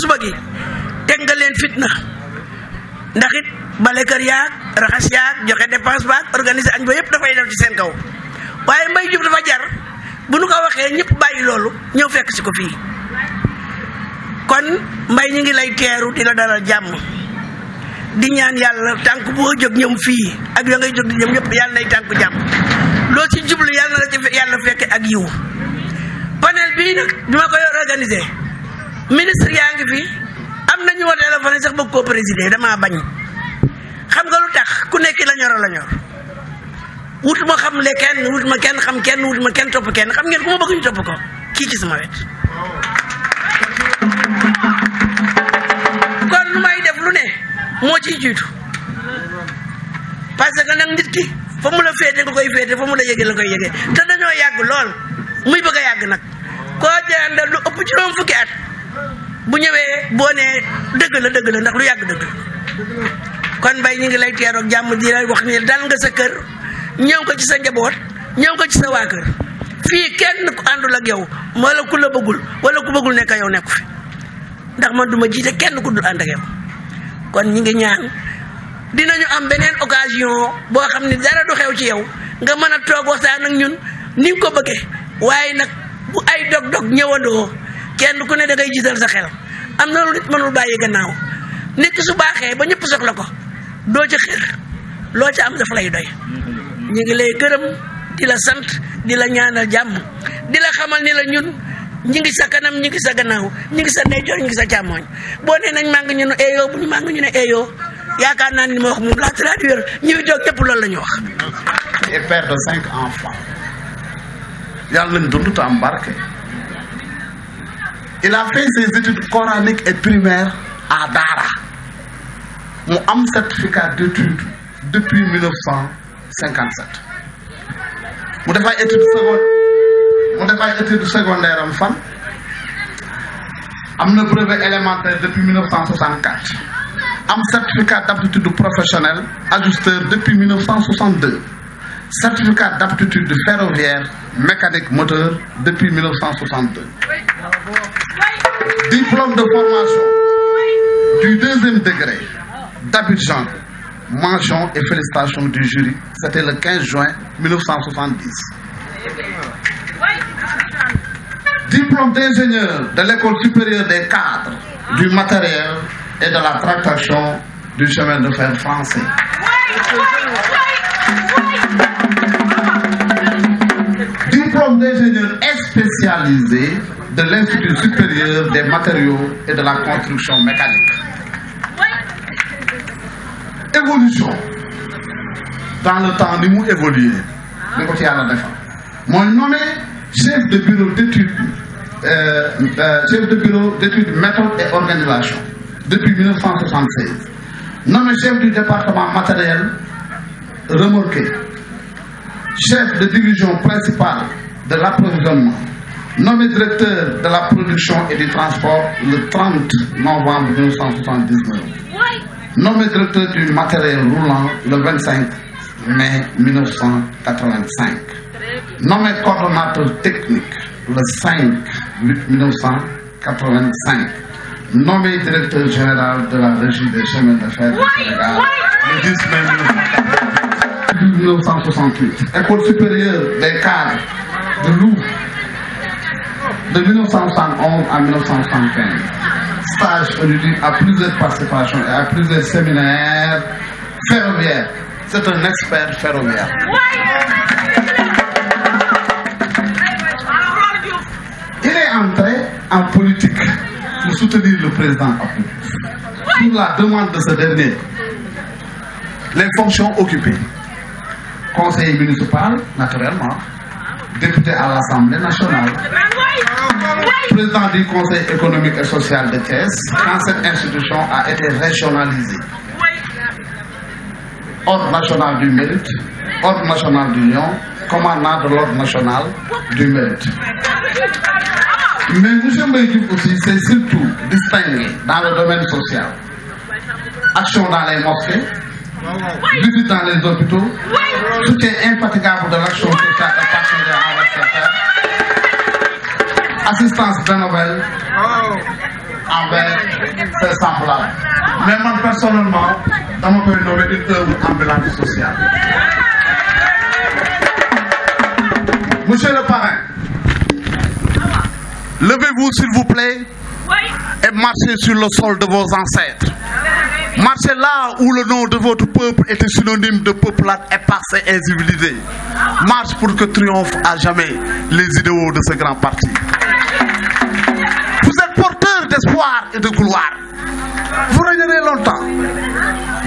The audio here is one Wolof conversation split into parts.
suba gi teg nga leen fitna ndax it balé kër ya raxas ya joxé dépense ba organiser añ ba da fay def ci sen kaw waye mbay jub dafa jar bu nu ko waxé ñepp bayyi lolu ñew fekk ci ko fi kon mbay ñi ngi lay téru dina dalal jamm di ñaan yàlla tànk boo jog ñoom fi ak ya ngay jog di ñoom ñepp yalla lay tank jamm lo ci jublu yalla la ci yalla fekk ak yiwu panel bi nak bi ko organiser ministre yaa ngi fi am nañu woo téléphone sax bëgg koo présider damaa bañ xam nga lu tax ku nekk la ñoro la ñor wut ma xam le kenn wut ma kenn xam kenn wut ma kenn topp kenn xam ngeen ku ma bëgg ñu kii ci sama wet kon lu may def lu ne moo ciy jiitu parce que nag nit ki fa mu la féete nga koy féete fa mu la yëge la koy yëge te dañoo yàgg lool muy bëgg a yàgg nag koo jaandal lu ëpp juróom fukki at bu ñëwee boo nee dëgg la dëgg la ndax lu yàgg dëgg kon bay ñu ngi lay teeroog jàmm di lay wax ni dal nga sa kër ñëw ko ci sa njaboot ñëw ko ci sa waa kër fii kenn ku àndul ak yow wala ku la bëggul wala ku bëggul nekk yow nekku ndax man duma jiite kenn ku dul ànd ak yow kon ñu ngi ñaan dinañu am beneen occasion boo xam ne dara du xew ci yow nga mën a toog waxtaan ak ñun ni ko bëggee waaye nag bu ay dog-dog ñëwandoo kenn ku ne da ngay jiital sa xel am na lu nit mënul baye gannaaw nek su baxé ba ñepp sax lako do ci xir lo ci am daf lay doy ñi ngi lay gërëm di la sant di la ñaanal jamm di la xamal ni la ñun ñi ngi sa kanam ñi ngi sa gannaaw ñi ngi sa jor ñi ngi sa càmmooñ bo ne nañ mang ñu bu ñu mang ñu ne yaakaar naan ni mo wax traduire ñi tepp loolu la wax. et père de cinq enfants yalla lañ dund ta am barké il a fait ses études coraniques et primaires à Dara Mon un certificat d'études depuis 1957 Mon a études secondaires secondaire en On am brevet élémentaire depuis 1964 am certificat d'aptitude professionnelle ajusteur depuis 1962 certificat d'aptitude ferroviaire mécanique moteur depuis 1962 diplôme de formation du deuxième degré d'Abidjan. Mention et félicitations du jury. C'était le 15 juin 1970. Diplôme d'ingénieur de l'école supérieure des cadres du matériel et de la tractation du chemin de fer français. spécialisé de l'Institut supérieur des matériaux et de la construction mécanique. Évolution. Dans le temps, nous évolué. Mon nommé chef de bureau d'études, euh, euh, chef de bureau d'études méthodes et organisation depuis 1976. Nommé chef du département matériel remorqué. Chef de division principale de l'approvisionnement nommé directeur de la production et du transport le 30 novembre 1979, nommé directeur du matériel roulant le 25 mai 1985, nommé coordonnateur technique le 5 mai 1985, nommé directeur général de la régie des chemins de fer le 10 mai 1968, École supérieure des cadres de Louvre de 1971 à 1975. Stage aujourd'hui à plusieurs participations et à plusieurs séminaires ferroviaires. C'est un expert ferroviaire. Il est entré en politique pour soutenir le président Pour la demande de ce dernier, les fonctions occupées. Conseil municipal, naturellement, député à l'Assemblée nationale, président du Conseil économique et social de Caisse, quand cette institution a été régionalisée. Ordre national du mérite, ordre national d'union, commandant de l'ordre national du mérite. Mais M. Mbédiouf aussi c'est surtout distingué dans le domaine social. Action dans les mosquées, visite dans les hôpitaux, est infatigable de l'action de distance nouvelles oh. ah envers ces semblables. Mais moi, personnellement, dans mon pays, nommé une en sociale. Monsieur le parrain, levez-vous s'il vous plaît et marchez sur le sol de vos ancêtres. Marchez là où le nom de votre peuple était synonyme de peuplade épars et civilisé. Marche pour que triomphe à jamais les idéaux de ce grand parti d'espoir et de gloire. Vous régnerez longtemps.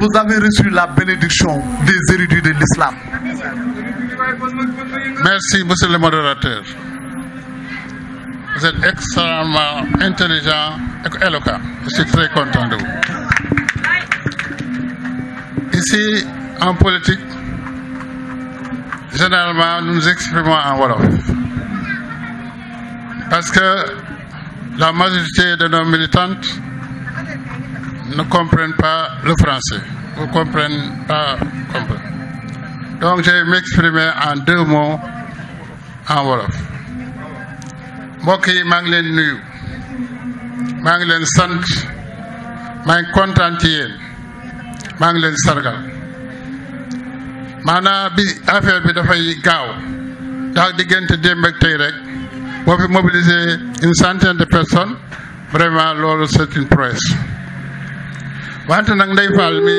Vous avez reçu la bénédiction des érudits de l'islam. Merci, monsieur le modérateur. Vous êtes extrêmement intelligent et éloquent. Je suis très content de vous. Ici, en politique, généralement, nous nous exprimons en voilà. Parce que la majorité de nos militantes ne comprennent pas le français Vous comprennent pas. Comprennent. Donc je vais m'exprimer en deux mots en wolof. Moki Manglen maa nuyu maa sant maa ngi sargal Mana bi affaire bi da gaaw ndax da démb ak tey rek. boo fi mobiliser une centaine de personnes vraiment loolu c'est une prouesse wante nag Ndeye Fall mi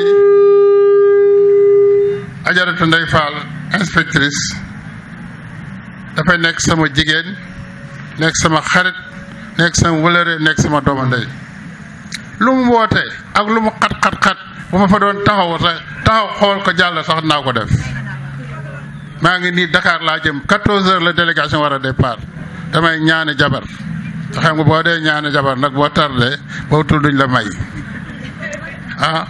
ajaratu Ndeye Fall inspectrice dafay nekk sama jigéen nekk sama xarit nekk sama wëlëre nekk sama doomu ndey lu mu woote ak lu mu xat-xat-xat bu ma fa doon taxaw sax xool ko jàll sax naa ko def maa ngi nii Dakar laa jëm 14 heures la délégation war a départ damay ñaani jabar te xam nga boo dee ñaani jabar nag boo tardé boo tul la may ah.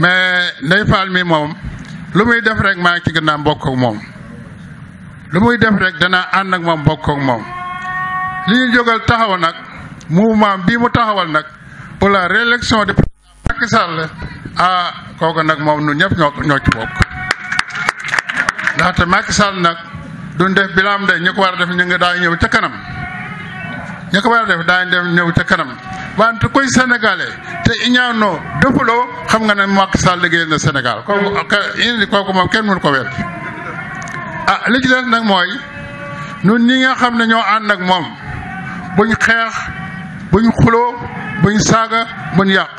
mais ndey faal mi moom lu muy def rek maa ngi ci gën a mbokk moom lu muy def rek danaa ànd ak moom mbokk ak moom li ñu jógal taxaw nag mouvement bii mu taxawal nag pour la réélection de président Macky Sall ah, nag moom nu ñëpp ñoo ñoo bokk ndaxte Macky Sall nag duñ def bilaam de ñu ko war a def ñu ngi daa ñëw ca kanam ñu ko war a def daañu def ñëw ca kanam wante koy sénégalais te iñaanoo defuloo xam nga ne Macky Sall liggéeyal na Sénégal kooku indi kenn mënu ko wér. ah li ci des nag mooy ñun ñi nga xam ne ñoo ànd ak moom buñ xeex buñ xuloo buñ saaga buñ yàq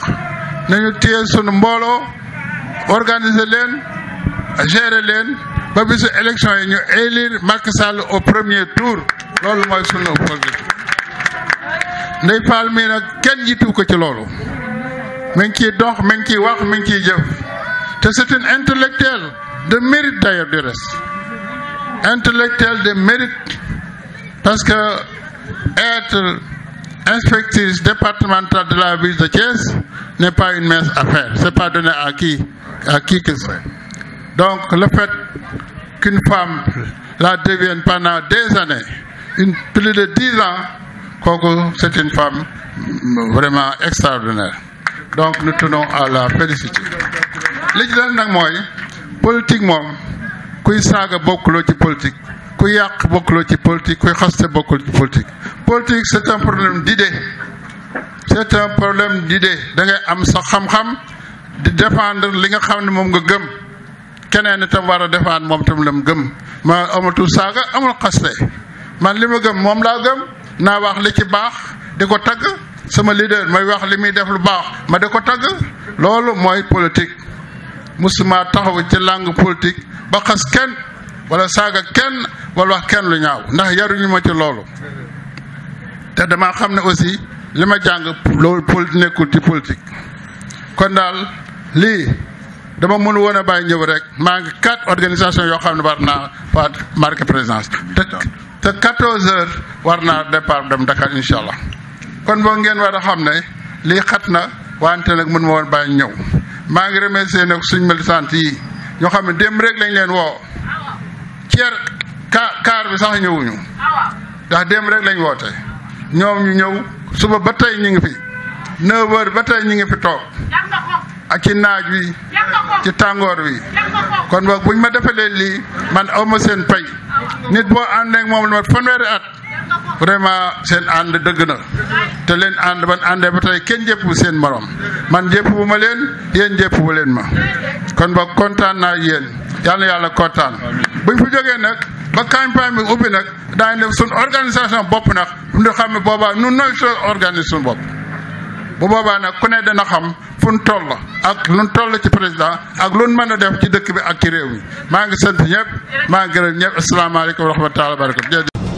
nañu téye sunu mbooloo organiser leen gérer leen. Parce que l'élection, yi ñu élire Macky Sall au premier tour loolu mooy sunu projet Ndeye Fall mii nag kenn jiitu ko ci loolu mi ngi ciy dox mi ngi ciy wax mi ngi ciy c'est une intellectuelle de mérite d'ailleurs du reste intellectuelle de mérite parce que être inspectrice départementale de la ville de Thiès n'est pas une mince affaire c'est pas donné à qui à qui que ce soit donc le fait qu'une femme la devienne pendant des années, une, plus de dix ans, c'est une femme vraiment extraordinaire. Donc nous tenons à la féliciter. li ci dal moi, politique moom kuy saga bokkuloo ci politique kuy a beaucoup ci politique kuy xaste beaucoup ci politique. politique c'est un problème d'idées. C'est un problème d'idées. Donc, da ngay am sa xam-xam di défendre li nga xam ne nga gëm. keneen itam war a defaat moom itam la mu gëm ma amatul saaga amul xaste man li ma gëm moom laa gëm naa wax li ci baax di ko tagg sama leader mooy wax li muy def lu baax ma di ko tagg loolu mooy politik musuma taxaw ci langue politique ba xas kenn wala saaga kenn wala wax kenn lu ñaaw ndax yaruñu ma ci loolu te dama xam ne aussi li ma jàng loolu nekkul ci politique kon daal lii dama mënu woon bàyyi ñëw rek maa ngi quatre organisation yoo xam ne war naa fa marqué présence te te quatorze heures war naa départ dem Dakar incha allah kon boo ngeen war a xam ne lii xat na wante nag mën ma woon bàyyi ñëw maa ngi remercier nag suñ militant yi ñoo xam ne démb rek lañ leen woo ceer kaar bi sax ñëwuñu ndax démb rek lañ woote ñoom ñu ñëw suba ba tey ñu ngi fi neuf ba tey ñu ngi fi toog ak ci naaj wi ci tàngoor wi kon boog buñ ma defalee lii man aw ma seen pay nit boo ànd ak moom lu mat fanweeri at vraiment seen ànd dëgg na te leen ànd ban àndee ba tey kenn jëpp seen morom man jëpp bu ma leen yéen jëpp bu leen ma kon boog kontaan naa ak yéen yal na yàlla kontaan buñ fi jógee nag ba campagne bi ubbi nag daañu def suñ organisation bopp nag ñu xam ne nu nun nooy organisation bopp bu boobaa nag ku ne dana xam fu nu toll ak lu nu toll ci président ak lu nu mën a def ci dëkk bi ak ci réew mi maa ngi sënt ñëpp maa ngi gërëm ñëpp asalaamaaleykum ma rahmatulah wa barakatu